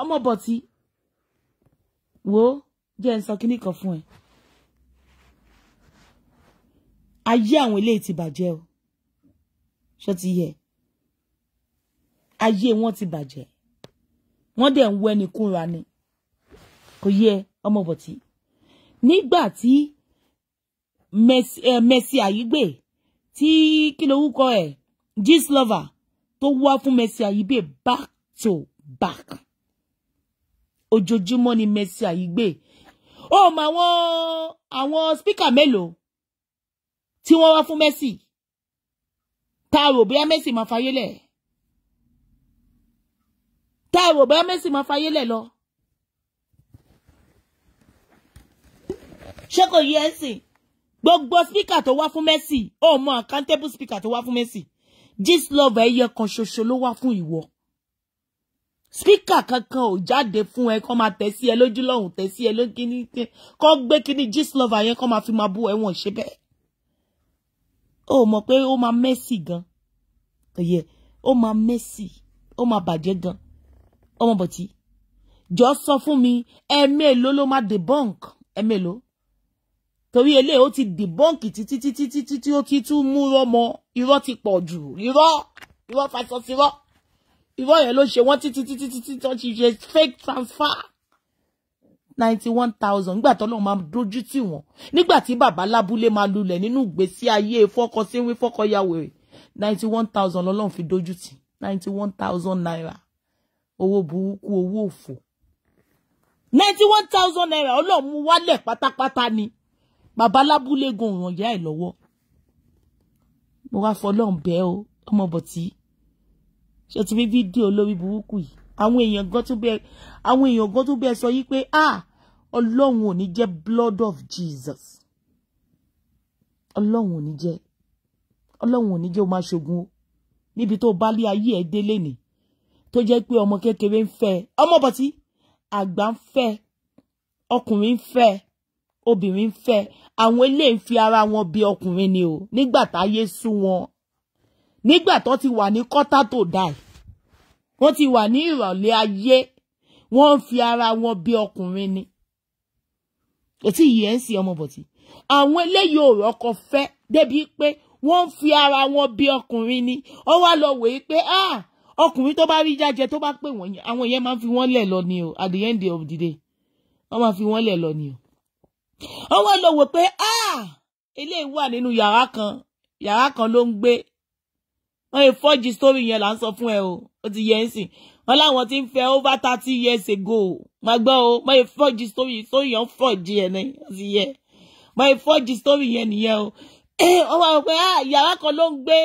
ọmọ bọ̀tí wo jẹ́ n sọ kíní kan fún ẹ ayé àwọn eléyìí ti bàjẹ́ o ṣó ti yẹ ayé wọn ti bàjẹ́ wọ́n dẹ̀ ń wọ ẹni kúnra ni kò yẹ ọmọ bọ̀tí nígbà tí Mercy eh, Àyígbè tí kí ló wúkọ ẹ̀ gist lover tó wá fún Mercy Àyígbè back to back ojoojúmọ́ ni Mercy Àyígbè ó mọ àwọn àwọn spíkà mélòó tí wọ́n wá fún Mercy tá a rò bóyá Mercy máa fayé lẹ̀ tá a rò bóyá Mercy máa fayé lẹ̀ lọ. ṣé kò yí ẹ̀sìn gbogbo spíkà tó wá fún Mercy ó mọ accountable spíkà tó wá fún Mercy Gist Lover ẹyẹ kan ṣoṣo ló wá fún ìwọ spíkà kankan ò jáde fún ẹ kó máa tẹ sí ẹ lójú lọ́hùn tẹ sí ẹ lókínní kó gbé kíní gist lover yẹn kó máa fi máa bú ẹ wọ́n ṣe bẹ́ẹ̀ ó mọ̀ pé ó máa mẹ́sì gan òye ó máa mẹ́sì ó máa bàjẹ́ gan ọmọ bọ̀tí jọ sọ fún mi ẹ̀ẹ́mẹ́lò ló máa debunk ẹ̀ẹ́mẹ́lò torí eléyìí ó ti debunk títí títí títí tí ó ti tún mú rọmọ irọ́ ti pọ̀ jù irọ́ irọ́ fasọsirọ́ ìwọ yẹn ló ṣe wọ́n títí títí títí tó ti ṣe fake transfer ninety one thousand nígbà tó lóun máa dojú tì wọ́n nígbà tí bàbá lábúlé máa lulẹ̀ nínú ìgbésí ayé fọ́kọsíwí fọ́kọyàwó rẹ̀ ninety one thousand lọ́lọ́run fi dojú tì ninety one thousand naira owó burúkú owó òfò ninety one thousand naira ọlọ́run mú wálẹ̀ pátápátá ni bàbá lábúlé gan òrànyá ẹ̀ lọ́wọ́ mo wá fọlọ́run bẹ́ẹ̀ o ọmọ bọ̀tí ṣé ti rí fídíò lórí burúkú yìí àwọn èèyàn gan tó bẹ́ẹ̀ àwọn èèyàn gan tó bẹ́ẹ̀ sọ yìí pé ah ọlọ́run ò ní jẹ́ blood of Jesus ọlọ́run ò ní jẹ́ ọlọ́run ò ní jẹ́ o máa ṣogun o níbi tó bá lé ayé ẹ̀ délé nì tó jẹ́ pé ọmọ kékeré ń fẹ́ ọmọ bọ̀tí àgbà ń fẹ́ ọkùnrin ń fẹ́ obìnrin ń fẹ́ àwọn eléyìí fi ara wọn bí ọkùnrin ni o nígbà táyé sú wọn nígbà tó ti wà ní kọ́tà tó dáì wọ́n ti wà ní ìrọ̀lẹ́ ayé wọ́n ń fi ara wọn bí ọkùnrin ni kò tí ì yẹn ń sin ọmọ bọ̀tí àwọn eléyìí ò rọ́kọ fẹ́ débi pé wọ́n ń fi ara wọn bí ọkùnrin ni ó wá lọ wòye pé ah, ọkùnrin tó bá rí jájẹ tó bá pè wọ́n yẹn àwọn yẹn máa ń fi wọ́n lẹ̀ lọ ni o at the end of the day wọ́n máa fi wọ́n lẹ̀ lọ ni o ó wá lọ wò pé ah, eléyìí wà nínú yàrá kan yàrá kan ló ń gbé wọ́n yẹ fọ́ọ̀jì story yẹn là ń sọ fún ẹ o ó ti yẹ ń sìn wọ́n láwọn ti ń fẹ́ over thirty years ago máa gbọ́ o wọ́n yẹ fọ́ọ̀jì story story yẹn fọ́ọ̀jì yẹn ni ó ti yẹ wọ́n yẹ fọ́ọ̀jì story yẹn nìyẹn o wọ́n wá pé ah, yàrá kan ló ń gbé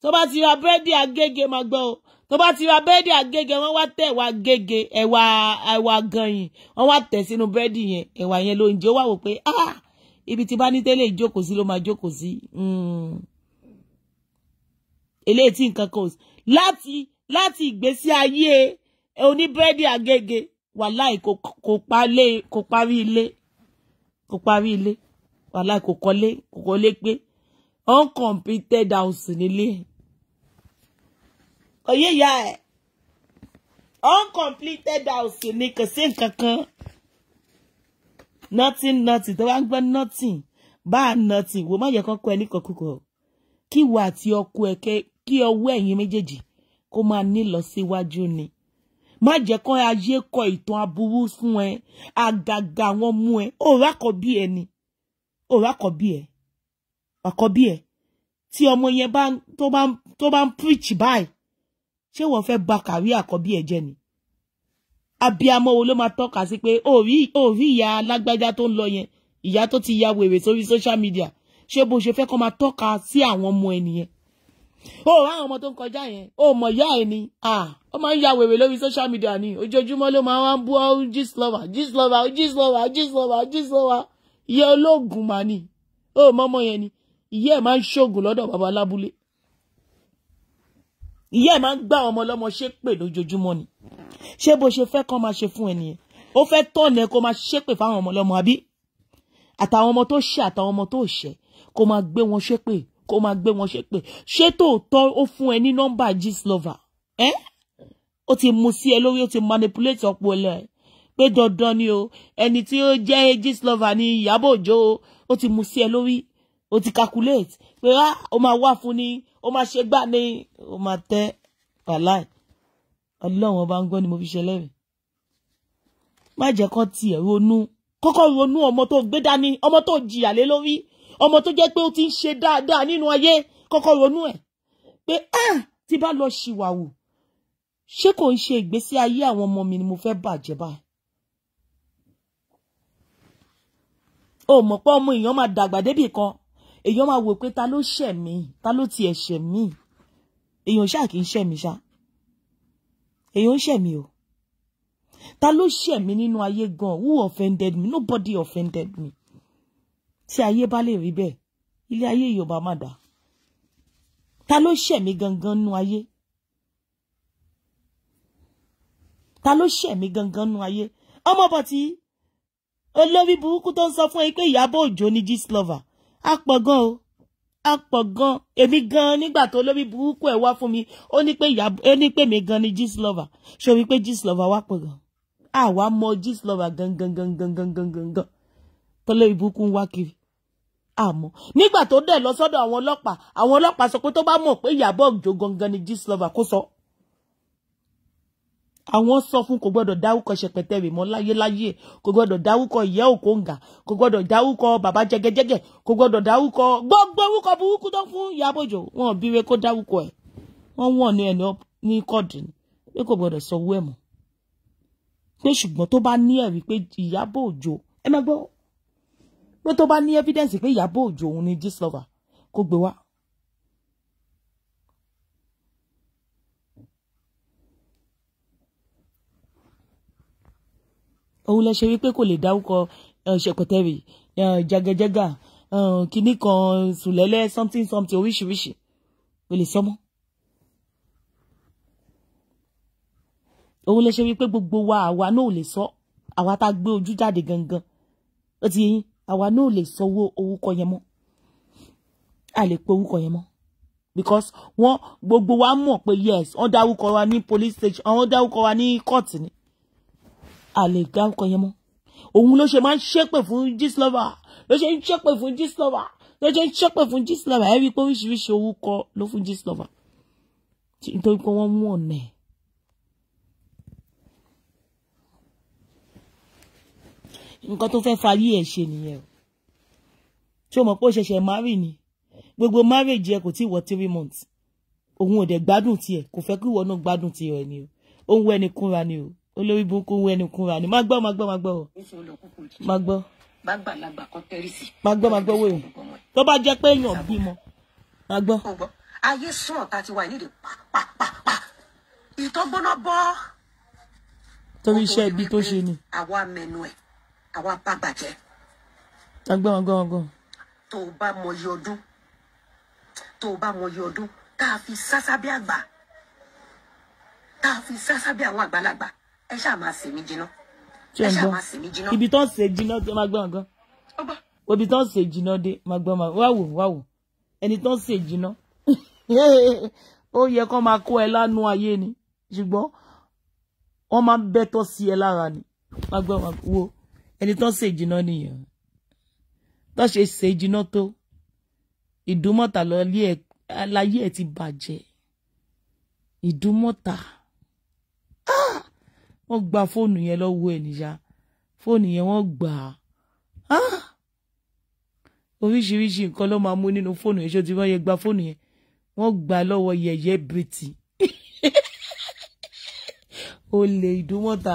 tó bá ti ra búrẹ́dì Agége máa gbọ́ o tó bá ti ra búrẹ́dì Agége wọ́n wá tẹ̀ ẹ̀wà Agége ẹ̀wà ẹ̀wà gànyìn wọ́n wá tẹ̀ sínú búrẹ́dì yẹn ẹ̀wà yẹn ló ń jẹ ó wà wò pé ah, ibi tí bá ní tẹ́lẹ̀ ìjókòó sí ló máa jókòó sí. Hmm eléyìí tí nǹkan kan láti láti ìgbésí ayé oníbírẹ́dì Agége wàláì kò parí ilé kò parí ilé wàláì kò kọ́lé kò kọ́lé pé uncompleted house nílé ẹ̀ kò ìyá ẹ̀ uncompleted house ni kò sí nǹkan kan nothing nothing tó bá ń gbọ́ nothing bá nothing wò má yẹ kọ́kọ́ ẹ ní kọ̀kúkọ̀ kí wà àti ọkọ ẹ kí ọwọ́ ẹ̀yin méjèèjì kó máa nílọ síwájú ni má jẹ́ kán ayé kọ ìtàn aburú fún ẹ àgàgà àwọn ọmọ ẹ òrà kọ bí ẹ ni òrà kọ bí ẹ àkọ bí ẹ tí ọmọ yẹn bá tó bá tó bá ń preach báyìí ṣé wọ́n fẹ́ ba kàrí àkọ́bí ẹ̀ jẹ́ ni abiamọ wo ló máa tọ́ka sí pé òrí òrí ìyá alágbájá tó ń lọ yẹn ìyá tó ti ya wèrè sórí social media ṣé bó ṣe fẹ́ kó máa tọ́ka sí àwọn ọmọ ẹ nìyẹn o ráwọn ọmọ tó ń kọjá yẹn o mọ̀ ìyá ẹ̀ ni ó máa ń ya wèrè lórí social media ni ojoojúmọ́ ló máa ń bú ọ́ gíslọ́wà gíslọ́wà gíslọ́wà gíslọ́wà gíslọ́wà ìyá olóògùn mà ni ó mọ ọmọ yẹn ni ìyá ẹ̀ máa ń ṣoògùn lọ́dọ̀ bàbá lábúlé ìyá ẹ̀ máa ń gbá ọmọ ọlọ́mọ ṣépè lójoojúmọ́ ni ṣé bó ṣe fẹ́ kán máa ṣe fún ẹ nìyẹn ó fẹ́ tọ̀nà kó máa gbé wọn ṣe pé ṣé tòótọ́ ó fún ẹ ní nọ́mbà Gistlover ẹ́ ó ti mu sí ẹ lórí ó ti manipulate ọpọlọ ẹ pé dandan ni o ẹni tí ó jẹ́ Gistlover ní Ìyábọ̀ Òjó ó ti mu sí ẹ lórí ó ti calculate pé á ah, ó máa wá fún ni ó máa ṣe gbà ní ó máa tẹ́ wàláì ọlọ́run ọba ń gbọ́ ni mo fi ṣe lẹ́rìí má jẹ́ kó tiẹ̀ ronú kọ́kọ́ ronú ọmọ tó gbé dání ọmọ tó jìyà lé lórí ọmọ tó jẹ́ pé ó ti ń ṣe dáadáa nínú ayé kọ́kọ́ ronú ẹ̀ pé ah, tí bá lọ ṣìwàwù ṣé kò ń ṣe ìgbésí ayé àwọn ọmọ mi ni mo fẹ́ bàjẹ́ báyìí. o mọ̀ pé ọmọ èèyàn máa dàgbà débì kan èèyàn máa wò pé ta ló ṣẹ̀ mí ta ló tiẹ̀ ṣẹ̀ mí èèyàn ṣáà kì í ṣẹ̀ mí ṣá èèyàn ń ṣẹ̀ mí o ta ló ṣẹ̀ mí nínú ayé gan who offended me nobody offended me tí ayé bá lè rí bẹ́ẹ̀ ilé ayé ìyọba má dà ta ló ṣẹ̀mí gangan nú ayé ta ló ṣẹ̀mí gangan nú ayé ọmọ bọ̀ tí olórí burúkú tó ń sọ fún ẹ pé Ìyábọ̀ Òjó ni gist lover á pọ̀ gan o á pọ̀ gan èmi gan nígbà tó olórí burúkú ẹ̀ wá fún mi ó ní pé Ìyábọ̀ ó ní pé mi gan ni gist lover ṣé o rí pé gist lover wá pọ̀ gan àwa mọ gist lover gangan gangan gangan gangan tó olórí burúkú ń wá kiri àmọ́ nígbà tó dẹ̀ lọ sọ́dọ̀ àwọn ọlọ́pàá àwọn ọlọ́pàá sọ pé tó bá mọ̀ pé Ìyábọ̀ Òjó gangan ni Gistlover kó sọ. àwọn sọ fún kò gbọ́dọ̀ dáwúkọ ṣẹpẹtẹrì mọ́ láyéláyé kò gbọ́dọ̀ dáwúkọ ìyá òkóǹgà kò gbọ́dọ̀ dáwúkọ bàbá jẹgẹjẹgẹ kò gbọ́dọ̀ dáwúkọ gbogbo orúkọ burúkú tó fún Ìyábọ̀ Òjó wọn bíire kó dáwúkọ ẹ̀ wọ́n wọ̀n ní ẹni ní kọ́ọ̀dì pé kò gbọ́dọ̀ sọ owó ẹ̀ mọ́ pé ṣùgbọ́n tó bá ní ẹ̀rí pé Ìyábọ̀ Òjó ẹ má gbọ́ pé tó bá ní evidence pé Ìyábọ̀ Òjó òun ni Gistlover kó gbé wá. òun lè ṣe wípé kò lè dárúkọ ṣèpẹtẹrì jagajaga kinní kan sùlẹ́lẹ́ something something oríṣiríṣi kò lè sọmọ́. òun lè ṣe wípé gbogbo wa àwa náà ò lè sọ àwa tá a gbé ojú jáde gangan ó ti yín àwa náà lè sanwó orúkọ yẹn mọ́ a lè pe orúkọ yẹn mọ́ because wọ́n gbogbo wa mọ̀ pé yes wọ́n dárúkọ wa ní police station wọ́n dárúkọ wa ní court ni a lè dárúkọ yẹn mọ́ òun ló ṣe máa ń ṣépè fún Gistlover ló ṣe ń ṣépè fún Gistlover ló ṣe ń ṣépè fún Gistlover ẹ rí i pé oríṣiríṣi orúkọ ló fún Gistlover nítorí pé wọ́n mú ọ̀nà ẹ̀ nǹkan tó fẹ́ fayé ẹ̀ ṣe nìyẹn o tí o mọ̀ pé ó ṣẹ̀ṣẹ̀ marry ni gbogbo marriage ẹ kò tí ì wọ three months òun ò dẹ̀ gbádùn tiẹ̀ kò fẹ́ kí ìwọ náà gbádùn tiẹ̀ ẹ̀ ni o ó ń wọ ẹni kúnra ni o olórí burúkú ń wọ ẹni kúnra ni má gbọ́ má gbọ́ má gbọ́ o má gbọ́ má gbọ́ má gbọ́ wò ó tó bá jẹ́ pé èèyàn bímọ má gbọ́. ayé sùn ọ̀tá ti wà nídìí pàpàpàpà ìtọ́gbóná bọ́. torí iṣẹ́ ibi tó ṣe ni. àwa mẹnu ẹ̀ àwa bá bàjẹ́. ọgbọ́n ọgbọ́n ọgbọ́n. tó o bá mọyì ọdún tó o bá mọyì ọdún tá a fi sásá bí àgbà tá a fi sásá bí àwọn àgbàlagbà ẹ ṣáà máa sè mí jiná. ẹ ṣáà máa sè mí jiná. ibi tó ń sè jiná dé máa gbọ́n ọgbọ́n. ibi tó ń sè jiná dé máa gbọ́n máa wá wò wá wò ẹni tó ń sè jiná ó yẹ kó máa kó ẹ lánú ayé ni ṣùgbọ́n wọ́n máa ń bẹ́tọ̀ sí ẹ lára ni máa gbọ́n ẹni tán ṣe ìjìnà nìyẹn tán ṣe ṣe ìjìnà tó ìdúmọ̀tà láyé ẹ̀ ti bàjẹ́ ìdúmọ̀tà ah! wọ́n gba fóònù yẹn lọ́wọ́ ẹ̀ níyà fóònù yẹn wọ́n gbà á ah! oríṣiríṣi nǹkan ló máa mú nínú fóònù yẹn ṣó ti wọ́n yẹ gba fóònù yẹn wọ́n gbà lọ́wọ́ yẹ̀yẹ́ bìrìtì olè ìdúmọ̀tà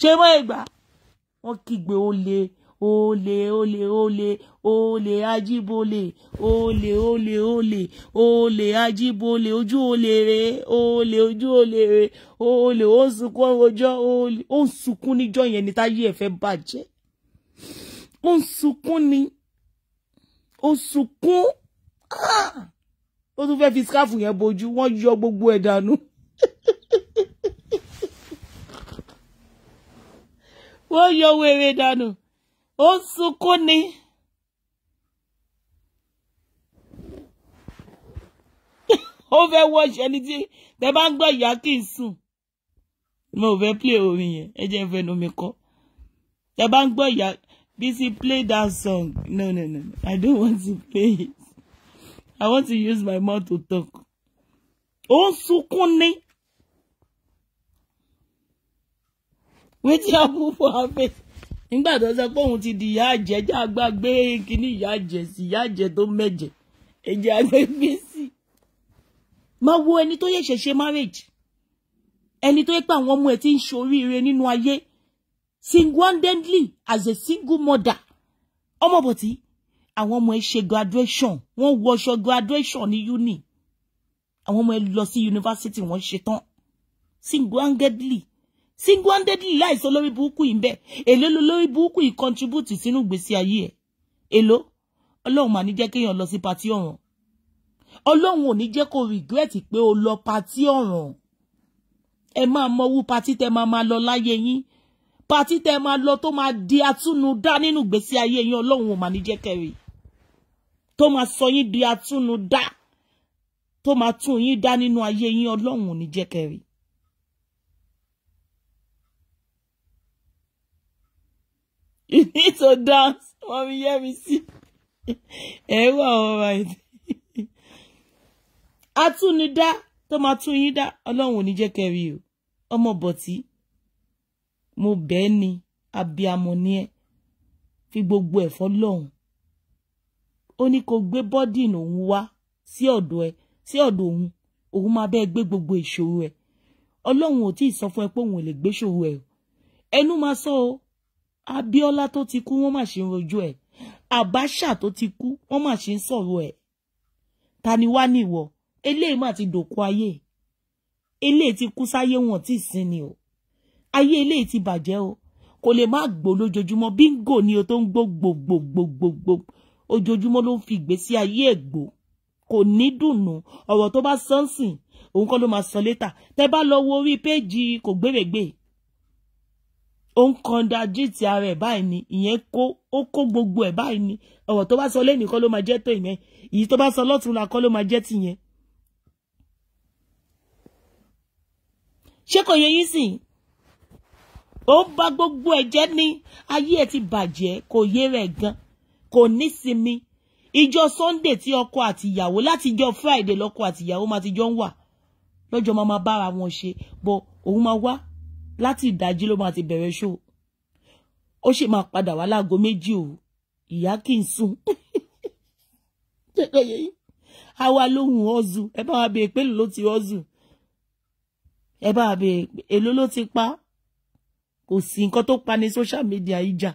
ṣé wọ́n yẹ gbà á wọ́n kígbe olè olè olè olè olè ajíbolè olè olè olè olè ajíbolè ojú olè rè olè ojú olè rè olè ó ń sunkún ọjọ́ olè ó ń sunkún níjọ́ yẹn ní táyé ẹ̀ fẹ́ bàjẹ́ ó ń sunkún ni ó ń sunkún ah! ó tún fẹ́ fi skáàfù yẹn bojú wọ́n yọ gbogbo ẹ̀ dànù. ó yọ wèrè dànù ó ń sunkún ni. ó fẹ́ wọ́ọ̀ṣẹ́ ni tí tẹ bá ń gbọ́ ìyá kì í sùn mo fẹ́ play orin yẹn ẹ jẹ́ fẹ́ nomi kọ́ tẹ bá ń gbọ́ ìyá Bisi play that song no no no I don't want to play it I want to use my mouth to talk ó ń sunkún ni. wetin happen for her face nígbà tó sọ pé òun ti di ìyá àjẹ já gbàgbé kínní ìyá àjẹ sí ìyá àjẹ tó mẹjẹ ẹjẹ agbègbè sí. máa wo ẹni tó yẹ ṣẹ̀ṣẹ̀ marriage ẹni tó yẹ pé àwọn ọmọ ẹ ti ń ṣoríire nínú ayé single-handedly as a single mother ọmọbọ̀tí àwọn ọmọ ẹ ṣe graduation wọ́n wọṣọ graduation ní uni àwọn ọmọ ẹ lọ sí yunifásitì wọ́n ṣetán single-handedly single handedly láìsọ lórí burúkú yìí bẹ́ẹ̀ èló ló lórí burúkú yìí contribute sínú ìgbésí ayé ẹ̀ èló ọlọ́run mà ní jẹ́ kéèyàn lọ sí patí ọ̀ràn ọlọ́run ò ní jẹ́ kó regret pé o lọ patí ọ̀ràn ẹ máa mọwú patí tẹ máa máa lọ láyé yín patí tẹ máa lọ tó máa di atúnudá nínú ìgbésí ayé yín ọlọ́run ò mà ní jẹ́ kẹrì tó máa sọ yín di atúnudá tó máa tún yín dá nínú ayé yín ọlọ́run ò ní jẹ́ kẹrì You need to dance. Mommy, hear me see. Ẹ wà alright. Atúnidá tó máa tún yín dá ọlọ́run ò ní jẹ́ kẹrí Mo bẹ́ẹ̀ ni abiyamọ ni ẹ. Fi gbogbo ẹ̀ fọlọ́run. Ó ní kó gbé bọ́dìn òun wá sí ọ̀dọ̀ ẹ sí ọ̀dọ̀ òun. Òun máa bẹ́ẹ̀ gbé gbogbo ìṣòro ẹ̀. Ọlọ́run ò tí ì sọ fún ẹ pé òun ò lè gbé ṣòro ẹ̀ o. Ẹnu máa sọ o. Abiola tó ti kú wọ́n mà ṣe ń rojú ẹ̀ Abacha tó ti kú wọ́n mà ṣe ń sọ̀rọ̀ ẹ̀ ta ni wá ní ìwọ eléyìí mà ti dòkú ayé eléyìí ti kú sáyé wọn tí ì o ayé eléyìí ti bàjẹ́ o kò lè má gbó lójoojúmọ́ bíngò ni o tó ń gbó gbògbògbògbò ojoojúmọ́ ló ń fi ìgbésí ayé ẹ̀ gbò kò ní dùnnú ọ̀rọ̀ tó bá sọ́nsìn òun kọ́ ló máa sọ létà tẹ́ bá lọ wo orí péèjì kò gbèrègbè ó ń kọ́ńdájìtì ara ẹ̀ báyìí ni ìyẹn kó ó kó gbogbo ẹ̀ báyìí ni ọ̀rọ̀ tó bá sọ lẹ́nìí kọ́ ló máa jẹ́ tó ìyẹn èyí tó bá sọ lọ́túnla kọ́ ló máa jẹ́ tìyẹn. ṣé kò yẹ yín sìn ó ń bá gbogbo ẹ̀ jẹ́ ní ayé ẹ̀ ti bàjẹ́ kò yé rẹ̀ gan kò ní sinmi ìjọ Sunday tí ọkọ àtìyàwó láti jọ Friday lọkọ àtìyàwó máa ti jọ ń wà lọ́jọ́ máa máa bára wọn ṣe bọ òun máa wá láti ìdájí ló máa ti bẹ̀rẹ̀ ṣó ó sì máa padà wá láago méjì o ìyá kì í sùn àwa lóhùn ọ̀zù ẹ bá wa bèè pélò ló ti ọ̀zù ẹ bá wa bèè èló ló ti pa kò sí nǹkan tó pa ní social media ìjà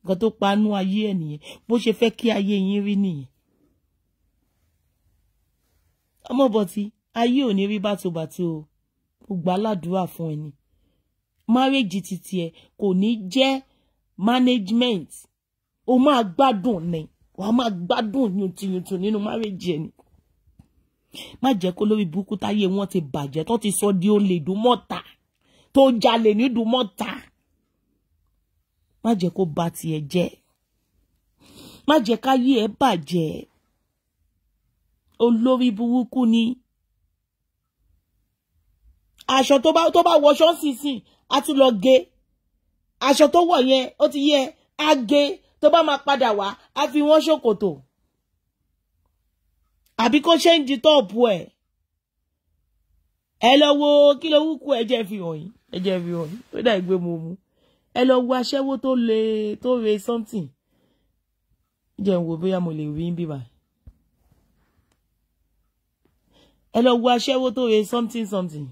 nǹkan tó pa nú ayé ẹ nìyẹn bó ṣe fẹ́ kí ayé yín rí nìyẹn ọmọbọtí ayé ò ní rí bàtòbàtò o gbogbo fún ẹni marriage ti tiẹ̀ kò ní jẹ́ management o máa gbádùn ni wàá máa gbádùn yùntùyùntùn nínú marriage ẹ̀ ni má jẹ́ kó lórí burúkú táyé wọn ti bàjẹ́ tó ti sọ di olè ìdúmọ̀ta tó jalè nídùúmọ̀ta má jẹ́ kó ba tiẹ̀ jẹ́ má jẹ́ káyé ẹ̀ bàjẹ́ olórí burúkú ni aṣọ tó bá tó bá wọṣọ sísìn á tún lọ gé aṣọ tó wọ̀ yẹn ó ti yẹ á gé tó bá máa padà wá á fi wọ́n ṣòkòtò àbí kó ṣe ń di tọ́ọ̀pù ẹ̀ ẹ lọ wo kí ló wúkú ẹ jẹ́ fi hàn yín ẹ jẹ́ fi hàn yín ó dà gbé mo mu ẹ lọ wo aṣẹ́wó tó le tó re something jẹ́ n wo bóyá mo lè rí bíbá ẹ lọ wo aṣẹ́wó tó re something something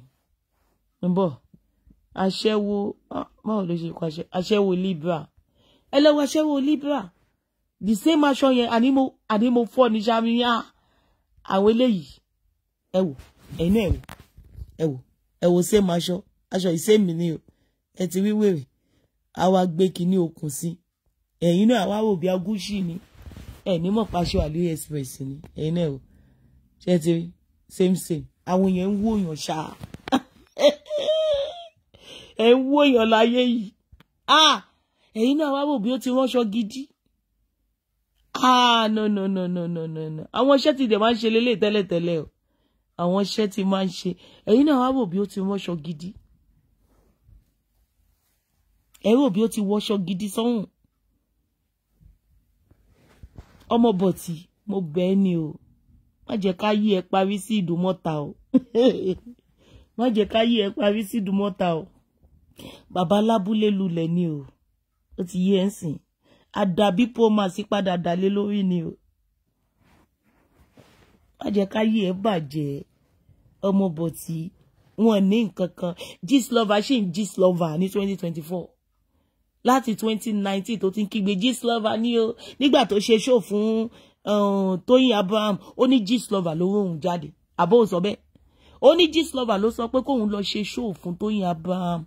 ń bọ̀ aṣẹ́wó báwo ló ṣe kọ́ aṣẹ́wó libra ẹ lọ́wọ́ aṣẹ́wó libra the same aṣọ yẹn àní mo àní mo fọ́ ní sami á àwọn eléyìí ẹ wò ẹ̀yin náà ẹ wò ẹ wò same aṣọ aṣọ ìsẹ́mi ni o ẹ ti wíwèrè àwa gbé kinní okùn sí ẹ̀yin náà àwa wò bí agúnṣì ni ẹni mọ̀ paṣọ àlùyé express ni ẹ̀yin náà o ṣe ti same same àwọn yẹn ń wòyàn ṣáà ẹ̀ ń wó èèyàn láyé yìí ẹ̀yin náà wá wò bí ó ti ránṣọ gidi no no no no no no no àwọn iṣẹ́ ti dẹ̀ máa ń ṣe lélẹ̀ tẹ́lẹ̀tẹ́lẹ̀ o àwọn iṣẹ́ ti máa ń ṣe ẹ̀yin náà wá wò bí ó ti ránṣọ gidi ẹ wò bí ó ti wọṣọ gidi sọ́hùn ọmọ bọ̀tì mo bẹ̀ ẹ́ ni o má jẹ́ ká yí ẹ parí sí ìdùmọ̀ta o má jẹ́ ká yí ẹ parí sí ìdùmọ̀ta o. Baba lábúlé lulẹ̀ ni o ó ti yé ẹ̀ ń sìn àdàbí pọ́màsì padà dálé lórí ni o má jẹ́ káyé ẹ̀ bàjẹ́ ọmọ bọ̀tì wọn ní nǹkan kan gist lover ṣì ń gist lover ní twenty twenty four láti twenty nineteen tó ti ń kígbe gist lover ní o nígbà tó ṣe ṣó fún eh, Tóyìn Abraham ó ní gist lover ló róhùn jáde àbóhùn sọ bẹ́ẹ̀ ó ní gist lover ló sọ pé kóun lọ ṣe ṣó fún Tóyìn Abraham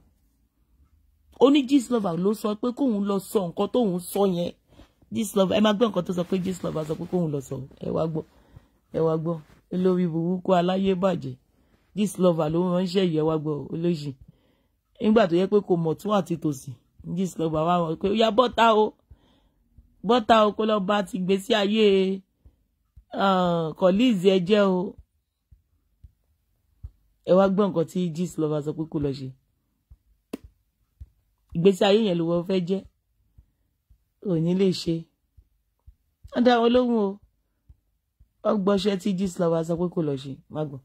ó ní Gistlover ló sọ pé kóun lọ sọ nǹkan tóun sọ yẹn Gistlover ẹ máa gbọ́ nǹkan tó sọ pé Gistlover sọ pé kóun lọ sọ ẹ wá gbọ́ ẹ wá gbọ́ olórí burúkú aláyé bàjẹ́ Gistlover ló ránṣẹ́ yìí ẹ wá gbọ́ olóṣì nígbà tó yẹ pé kò mọ̀ tún àti tòsì Gistlover wá wọn pé ó yá bọ́ta o bọ́ta o kó lọ́ọ́ bá ti gbèsè ayé kọ̀líìsì ah, ẹ o ẹ wá gbọ́ nǹkan tí Gistlover sọ pé kò lọ ṣe ìgbésí ayé yẹn ló wọ́n fẹ́ jẹ́ ò ní lè ṣe wọ́n dá wọn lóhùn o ọgbọ́nṣẹ́ tí gist lọ́wọ́ sọ pé kò lọ ṣe má gbọ́.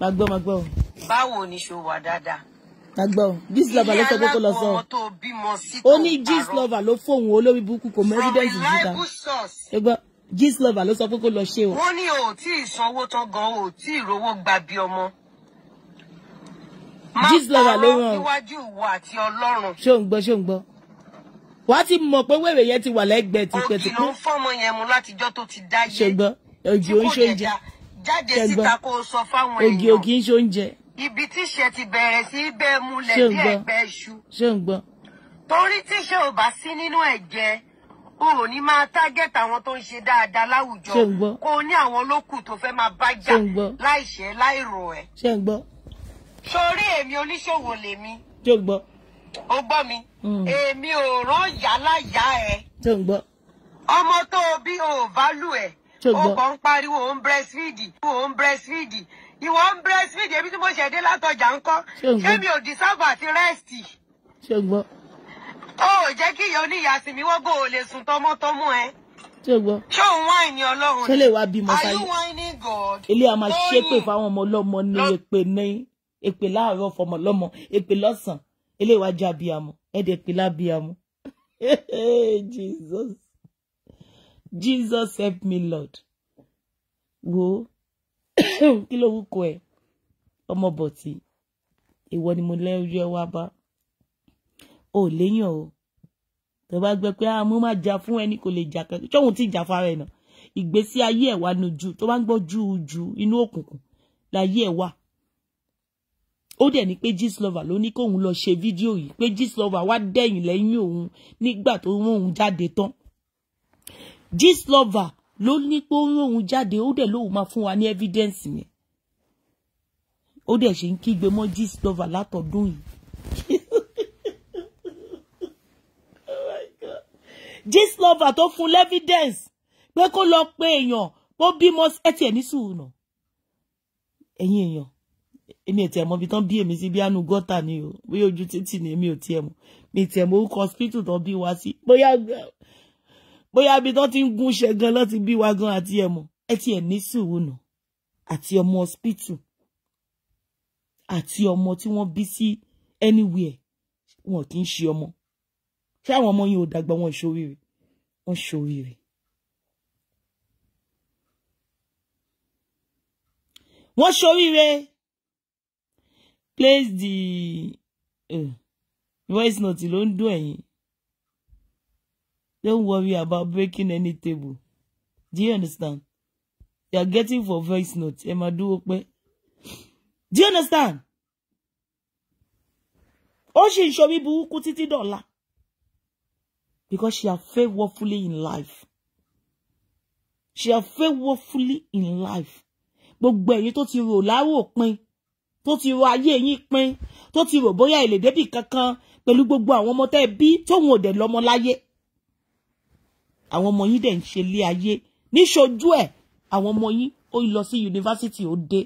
má gbọ́ má gbọ́. báwo ni ṣe wà dáadáa. má gbọ́ gist lọ́wọ́ ló sọ pé kò lọ sọ. ó ní gist lọ́wọ́ ló fóun olórí burúkú kò mọ síta. ẹ gbọ́ gist lọ́wọ́ ló sọ pé kò lọ ṣe o. wọ́n ní o tí ì sanwó tán gan o tí ì rówó gba bí ọmọ jíìsì lọ́wọ́ ló ràn ọ́ ṣé òun gbọ́ ṣé òun gbọ́ wàá ti mọ̀ pé wèrè yẹn ti wà lẹ́gbẹ̀ẹ́ tipẹ́tipẹ́. ògì ló ń fọ́mọ yẹn mu látijọ́ tó ti dá yé. ṣègbọ́ ògì ò ń ṣoúnjẹ. jáde síta kó o sọ fáwọn èèyàn. ògì ògì ń ṣoúnjẹ. ibi ti bẹ̀rẹ̀ sí í bẹ́ẹ̀ múlẹ̀ bí ẹgbẹ́ iṣu. ṣé ń gbọ́. torí tíṣẹ́ ò bá sí nínú ẹ̀jẹ̀ o ò ní máa target àwọn tó ń ṣe dáadáa láwùjọ kó o ní àwọn olókù tó fẹ́ máa bá jà láìṣẹ́ láìrò ẹ̀. ṣé ń gbọ́ sórí èmi oníṣòwò lèmi. tó gbọ́. ó gbọ́ mi. Hmm. èmi ò rán yálàyà ẹ. tó gbọ́. ọmọ tó o bí o ò válù ẹ. tó gbọ́. o kàn ń pariwo o ń breastfeed o ń breastfeed ìwọ ń breastfeed ebi tí mo ṣẹ̀ dé látọjà ń kọ́. ṣé mi ò deserve àti rest. tó gbọ́. ó jẹ́ kí ìyá oníyàá sinmi wọ́n gbọ́ ò lè sùn tọmọtọmọ ẹ ṣé o gbọ́. ṣé òun wá ìní ọlọ́run ni. ṣé lè wá bímọ sáyé. are you whining God. ilé a máa ṣépè fáwọn ọmọ ọlọ́mọ ní èpè ní èpè láàárọ̀ fọmọ lọ́mọ èpè lọ́sàn eléwà jẹ́ abiyamọ ẹ̀dẹ̀ èpè lábiyamọ Jesus Jesus help me Lord wo kí ló wúkọ ẹ ọmọ bọ̀tì ìwọ ni mo lẹ́rú ẹ wá bá ò léyàn o tó bá gbẹ pé a ah, mú má jà fún ẹni kò lè jà kankan ṣóhun tí ìjà fara ẹ nà ìgbésí ayé ẹ wà nojú tó bá ń gbọ́ júùjú inú òkùnkùn láyé ẹ wà ó dẹ̀ ní pé lover, ló ní kóun lọ ṣe fídíò yìí pé Gistlover wá dẹ̀yìn lẹ́yìn òun nígbà tó rán òun jáde tán Gistlover ló ní pé ó rán òun jáde ó dẹ̀ lóun máa fún wa ní evidence yẹn ó dẹ̀ ṣe ń kígbe mọ́ Gistlover látọ̀dún yìí oh Gistlover tó fún lẹ́fídẹ́ǹsì pé kó lọ pé èèyàn ó bímọ ẹtì ẹ̀ ní sùúrù nà ẹ̀yin èèyàn èmi ò tiẹ̀ mọ̀ ibi tán bí èmi sí bí àánú gọ́tà ni o bóyá ojú títì ni èmi ò tiẹ̀ mọ̀ mi tiẹ̀ mọ̀ orúkọ hospital tán bí wa sí bóyá bóyá ibi tán ti ń gúnṣẹ́ gan lọ́ti bí wa gan àti ẹ̀ mọ̀ ẹ tiẹ̀ ní sùúrù àti ọmọ hospital àti ọmọ tí wọ́n bí sí anywhere wọn kì í ṣe ọmọ ṣé àwọn ọmọ yẹn ò dàgbà wọn ṣoríire wọn ṣoríire. wọ́n ṣoríire place the uh, voice note ló ń dún ẹ̀yìn don't worry about breaking any table do you understand you are getting for voice note ẹ máa dúró do you understand ó sì ń ṣomi burúkú because she have failed woefully in life she have failed woefully in life gbogbo ẹ̀yin tó ti rò láwòpin tó ti ro ayé yín pín tó ti rò bóyá èlè débì kankan pẹ̀lú gbogbo àwọn ọmọ tẹ́ ẹ bí tóun ò dẹ̀ lọ́mọ láyé àwọn ọmọ yín dẹ̀ ń ṣe lé ayé níṣojú ẹ̀ àwọn ọmọ yín ó lọ sí yunifásitì ó dé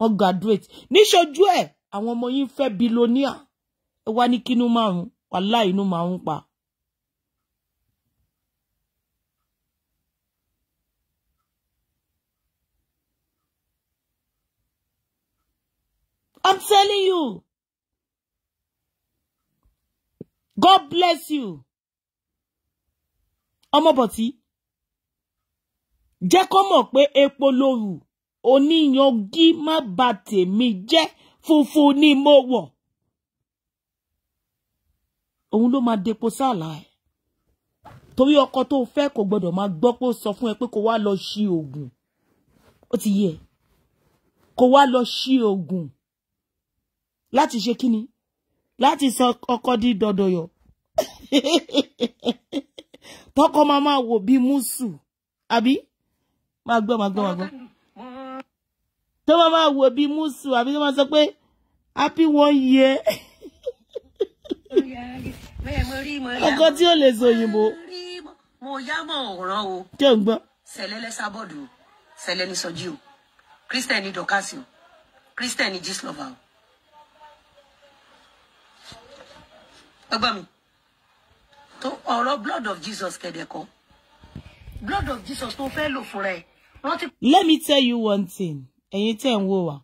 wọ́n graduate níṣojú ẹ̀ àwọn ọmọ yín fẹ́ bilonia ẹ wá ní kínú márùn wàhálà inú márùn pa. I'm telling you. God bless you. Ọmọbọ̀tí, jẹ́ kó mọ̀ pé epo lóru, oníyangí má bà tèmi jẹ́, funfun ni mo wo. Òun ló máa depo sáàlà ẹ̀. Torí ọkọ tó fẹ́ kò gbọ́dọ̀ máa gbọ́ pé ó sọ fún ẹ pé kó wá lọ ṣí oògùn. ti yẹ. Kó wá lọ ṣí oògùn láti ṣe kíni láti sọ ọkọ di dọdọyọ tọkọ máa máa wò bíi mùsù àbí máa gbọ́ máa gbọ́ máa gbọ́ tó máa máa wò bíi mùsù àbí tó máa sọ pé happy one year ọkọ tí ó lè sọ òyìnbó. mo yá mọ ọ̀ràn o. kí ò ń gbọ́. sẹ̀lẹ̀ lẹ́sàbọ̀dù sẹ̀lẹ̀ ní sọ́jí o christian ní dọ́kásì o christian ní jíslọ́và o. ẹgbẹ́ mi tó ọ̀rọ̀ blood of Jesus kẹ̀dẹ̀kọ́ blood of Jesus tó fẹ́ lò fúnra ẹ̀ wọ́n let me tell you one thing ẹ̀yin tẹ́ ń wò wá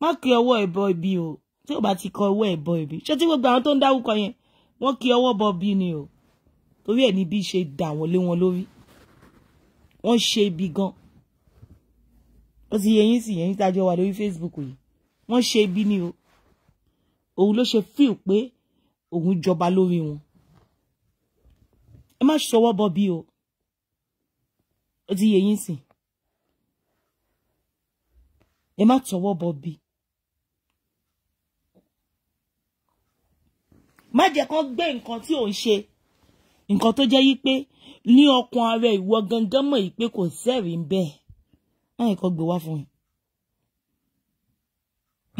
má kí ọwọ́ ẹ̀bọ ibi o tí o bá ti kọ ọwọ́ ẹ̀bọ ibi ṣé tí gbogbo àwọn tó ń dáwọ́ kọ yẹn wọ́n kí ọwọ́ bọ bí ni o torí ẹ̀ ní bí ṣe dà wọ́n lé wọn lórí wọ́n ṣe ibi gan ó ti yẹ yín sì yẹn níta jọ wà lórí Facebook yìí wọ́n ṣe ibi ni o òun ló ṣe fíìl pé òun jọba lórí wọn ẹ má ṣọwọ́ bọ bí o ó ti yẹ yín sìn ẹ má tọwọ́ bọ bí. má jẹ́ kán gbé nǹkan tí ò ń ṣe nǹkan tó jẹ́ wípé ní ọkàn ara ìwọ gangan mọ̀ yìí pé kò sẹ́rìí ń bẹ́ẹ̀ má yẹ kán gbé wá fún yín.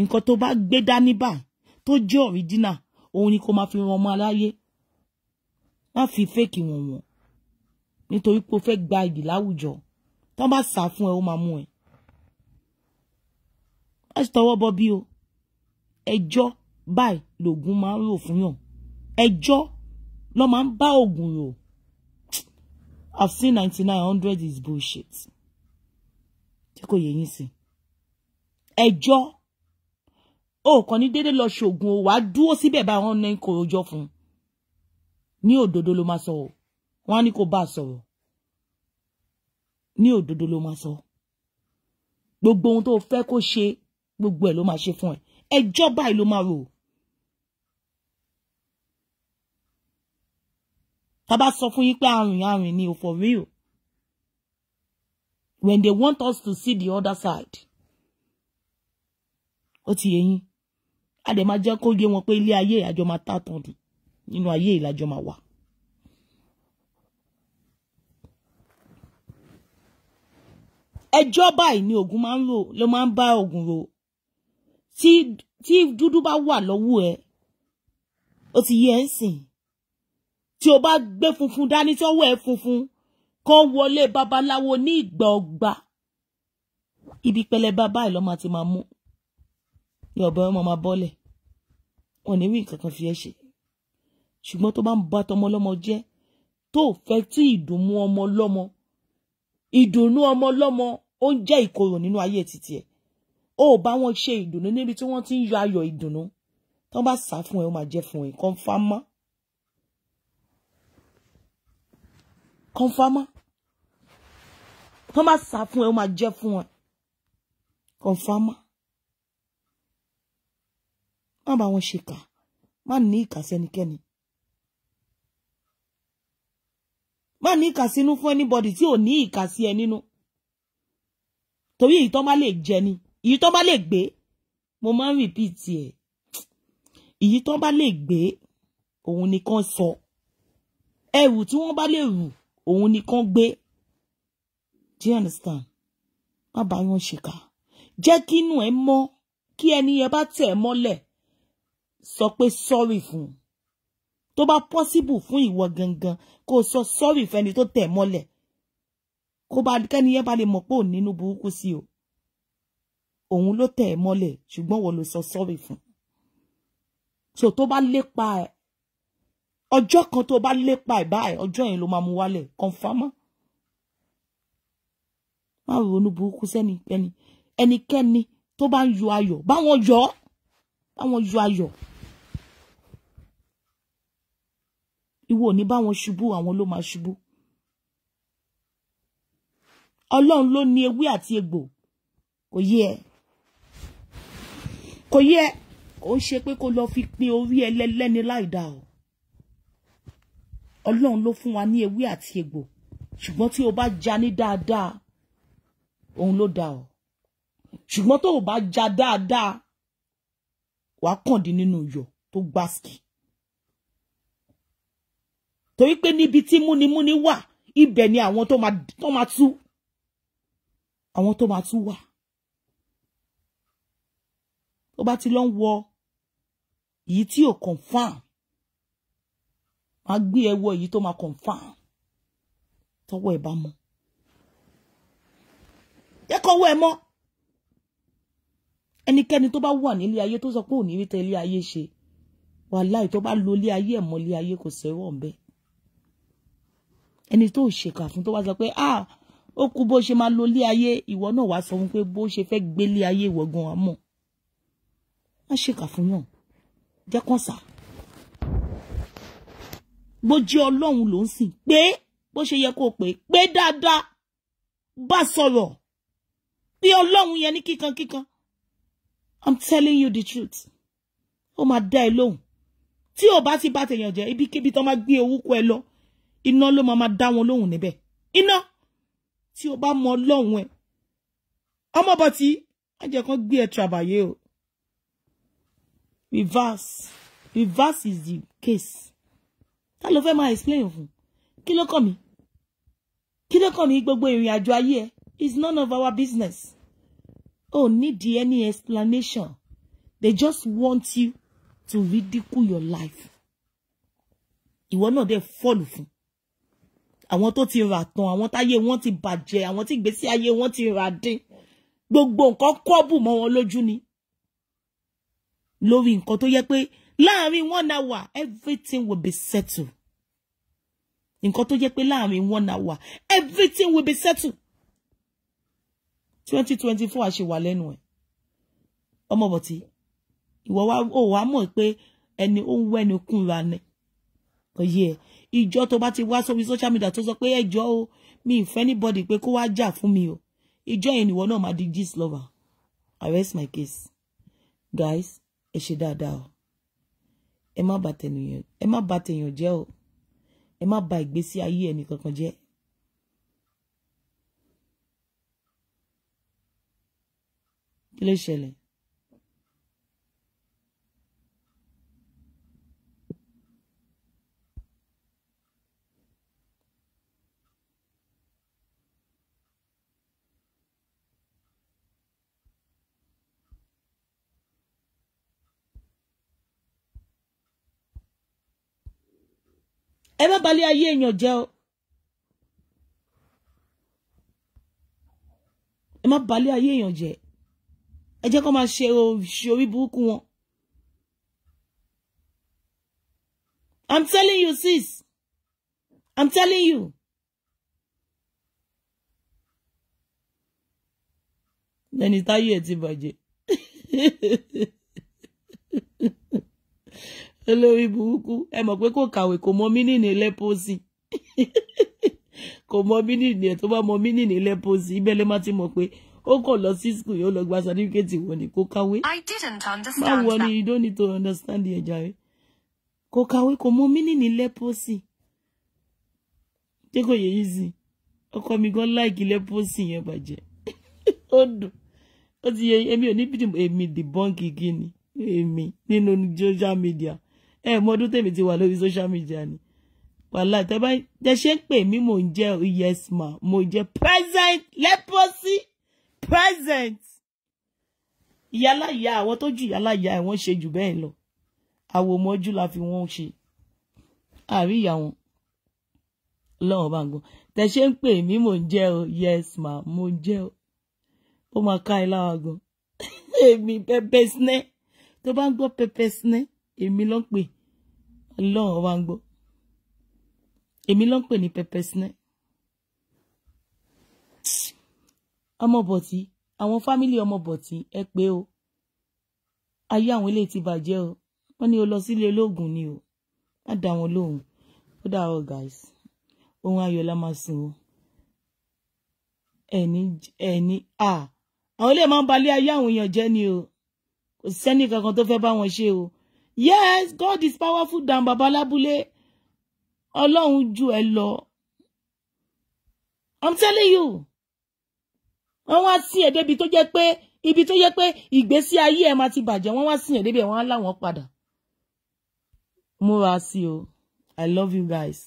nǹkan tó bá gbé dání báyìí tó jẹ́ ọ̀ríjínà òun ni kó máa fi wọn mọ aláyé má fi fèkì wọn wọn nítorí pé o fẹ́ gba ìyì láwùjọ tó bá sá fún ẹ ó máa mú ẹ má sì tọwọ́ bọ bí o ẹjọ́ báyìí lògùn máa ń rò fún yàn ẹjọ́ ló máa ń bá ògùn rò I've seen ninety nine hundred is bullshit tí kò yẹ yín sí ẹjọ́. E o kàn ní déédéé lọ ṣoògùn o wà á dúró síbẹ̀ bá wọn ní kò jọ fún un ní òdodo ló máa sọ o wọn á ní kó bá a sọ̀rọ̀ ní òdodo ló máa sọ gbogbo ohun tó fẹ́ kó ṣe gbogbo ẹ̀ ló máa ṣe fún ẹ ẹjọ́ báyìí ló máa rò tá bá sọ fún yín pé àrùn àrùn ni o for real when they want us to see the other side ó ti yẹ yín a dẹ̀ máa jẹ́ kó yé wọn pé ilé ayé àjọ máa tà tán dùn nínú ayé ìlàjọ máa wà. ẹjọ́ báyìí ni oògùn máa ń lò ló máa ń bá oògùn ro tí tí dúdú bá wà lọ́wọ́ ẹ ó ti yẹ ń sìn tí o bá gbé funfun dání tọ́wọ́ ẹ funfun kó wọlé babaláwo ní ìgbà ọgbà ibi pẹlẹbà báyìí ló máa ti máa mú ní ọ̀bẹ máa bọ́lẹ̀ wọn ní wí nǹkan kan fi ẹ́ ṣe ṣùgbọ́n tó bá ń bá tọmọ ọlọ́mọ jẹ́ tó fẹ́ tí ìdùnnú ọmọ ọlọ́mọ ìdùnnú ọmọ ọlọ́mọ ó ń jẹ́ ìkorò nínú ayé títí ẹ̀ ó bá wọn ṣe ìdùnnú níbi tí wọ́n ti ń yọ ayọ̀ ìdùnnú tán bá sá fún ẹ ó máa jẹ́ fún ẹ kọ́ńfámá kọ́ńfámá tán bá sá fún ẹ ó máa jẹ́ fún ẹ kọ́ńfámá má bá wọn ṣèkà má ní ìkà sẹ́nikẹ́ni má ní ìkà sínú fún anybody tí ò ní ìkà sí ẹ nínú torí èyí tó má lè jẹ ni èyí tó má lè gbé mo máa ń repeat ẹ èyí tó bá lè gbé òun nìkan sọ ẹrù tí wọ́n bá lè rù òun nìkan gbé do you understand má bá wọn ṣèkà jẹ́ kínú ẹ mọ́ kí ẹni yẹn bá tẹ̀ mọ́lẹ̀ sọ pé sọ́rí fún un tó bá pọ́síbù fún ìwọ gangan kó o sọ sọ́rí fẹ́ni tó tẹ̀ mọ́lẹ̀ kó bá kẹ́ni yẹn bá lè mọ̀ pé òun nínú burúkú sí o òun ló tẹ̀ mọ́lẹ̀ ṣùgbọ́n wọ́n ló sọ sọ́rí fún so tó bá lépa ẹ̀ ọjọ́ kan tó bá lépa ẹ̀ báyìí ọjọ́ yẹn ló máa mú wálẹ̀ kọ́nfámọ́ má ronú burúkú sẹ́ni ẹni tó bá ń yọ ayọ̀ báwọn yọ báwọn yọ ayọ̀. Iwo ò ní bá wọn ṣubú àwọn ló máa ṣubú ọlọ́run ló ní ewé àti egbò kò yé ẹ kò yé ẹ kò ń ṣe pé kó lọ fi pin orí ẹlẹ́lẹ́ni láìda o ọlọ́run ló fún wa ní ewé àti egbò ṣùgbọ́n tí o bá ja ní dáadáa òun ló da o ṣùgbọ́n tó o bá ja dáadáa wàá kàn dín nínú iyọ̀ tó gbásìkì torí pé níbi tí múnimúni wà ibẹ̀ ni àwọn tó máa tú àwọn tó máa tú wà tó bá ti lọ ń wọ èyí tí ò confam máa gbé ẹwọ èyí tó máa confam tọwọ́ ẹ bá mọ yẹkọwọ ẹ mọ ẹnikẹ́ni tó bá wà nílé ayé tó sọ pé òní rí tẹ ilé ayé ṣe wàláì tó bá lo ilé ayé ẹ ilé ayé kò sẹwọn bẹ́ẹ̀ ẹni tó ṣèkà fún tó wá sọ pé ah ó kú bó ṣe máa lo ilé ayé ìwọ náà wàá sọ fún pé bó ṣe fẹ́ gbé ilé ayé ìwọ gan amọ̀ má ṣèkà fún yàn jẹ́ kàn sá bó jẹ́ ọlọ́run ló ń sìn pé bó ṣe yẹ kó pè pé dáadáa bá sọ̀rọ̀ pé ọlọ́run yẹn ní kíkankíkan i'm telling you the truth ó máa dá ẹ lóhùn tí ò bá ti bá tèèyàn jẹ ibikíbi tó máa gbé owó kọ ẹ lọ iná ló máa máa dá wọn lóhùn níbẹ̀ iná tí o bá mọ ọlọ́run ẹ ọmọbọtí ajẹ kan gbé ẹ tìrabàyè o reverse reverse is the case ta ló fẹ́ máa explain fún kí ló kàn mí kí ló kàn mí gbogbo ìrìn àjò ayé ẹ is none of our business oh need any explanation they just want you to ridicule your life ìwọ náà dẹ̀ fọ́ọ̀lù fún un àwọn tó ti rà tán àwọn táyé wọn ti bàjẹ́ àwọn tí ìgbésí ayé wọn ti rà dín gbogbo nǹkan kọ́bù mọ́ wọn lójú ni lórí nǹkan tó yẹ pé láàrin one hour everything will be settled nǹkan tó yẹ pé láàrin one hour everything will be settled twenty twenty four àṣewà lẹ́nu ẹ̀ ọmọbọ̀tí ìwọ wa ò wá mọ̀ pé ẹni ó ń wẹ́ni kúnra ni òye ẹ̀ ìjọ tó bá ti wá sórí social media tó sọ pé ẹjọ́ o mi ì fẹ́ anybody pé kó wá jà fún mi o ìjọ yẹn nìwọ náà máa di gist lover arrest my case guys ẹ ṣe dáadáa o ẹ má bà tẹnìyàn ẹ má bà tẹ̀yàn jẹ́ o ẹ má bà ìgbésí ayé ẹnì kankan jẹ́. kí ló ṣẹlẹ̀ ẹ má balẹ̀ ayé èèyàn jẹ́ o ẹ má balẹ̀ ayé èèyàn jẹ́ ẹ jẹ́ kó máa ṣe orí burúkú wọn. I'm telling you sis I'm telling you. lẹ́ni táyé ẹ̀ ti bàjẹ́. olórí burúkú ẹ mọ̀ pé kò kàwé kò mọ mínìní lẹ́pọ̀sì kò mọ mínìní ẹ̀ tó bá mọ mínìní lẹ́pọ̀sì ibẹ̀ lè má ti mọ̀ pé ó kàn lọ sí skul yóò lọ gba certificate wọn ni kò kàwé má wọ ni you don't need to understand the ẹja rẹ kò kàwé kò mọ mínìní lẹ́pọ̀sì tí kò yẹ yìí sí ọkọ mi gan láìkí lẹ́pọ̀sì yẹn bàjẹ́ ó dùn ó ti yẹ èmi ò ní bí èmi dìbọ́ǹkì kí ni èmi nínú social media ẹ mọ ọdún tèmi ti wà lórí social media ni wàhálà tẹ bá jẹ ṣe ń pè mí mò ń jẹ yes ma mo jẹ present leprosy present ìyálàyà àwọn tó jù ìyálàyà ẹ wọ́n ṣe jù bẹ́ẹ̀ lọ àwòmọ́jú la fi wọ́n ṣe àárín ìyá wọn lọ́wọ́n bá ń gbọ́ tẹ ṣe ń pè mí mò ń jẹ́ o yes ma mo jẹ́ o ó máa ká ẹ láwa gan èmi pẹpẹ sinẹ tó bá ń gbọ́ pẹpẹ sinẹ èmi ló ń pè ọlọ́run ọba ń gbọ́ èmi ló ń pè ní pẹpẹ sinẹ́ ọmọbọ̀tí àwọn fámìlì ọmọbọ̀tí ẹ pé o ayé àwọn eléyìí ti bàjẹ́ o wọ́n ní o lọ sílé olóògùn ni o má dá wọn lóhùn ó dàárọ̀ guys ohun ayọ̀ la máa sùn o ẹni ẹni à àwọn eléyìí máa ń balẹ̀ ayé àwọn èèyàn jẹ́ ni o kò sẹ́ni kankan tó fẹ́ bá wọn ṣe o yes God is powerful than baba lábúlé ọlọ́run ju ẹ lọ i'm telling you wọ́n wá sí ẹ̀ débi tó jẹ́ pé ibi tó jẹ́ pé ìgbésí ayé ẹ̀ máa ti bàjẹ́ wọ́n wá sí ẹ̀ débi ẹ̀ wọ́n á láwọn padà múra sí o i love you guys.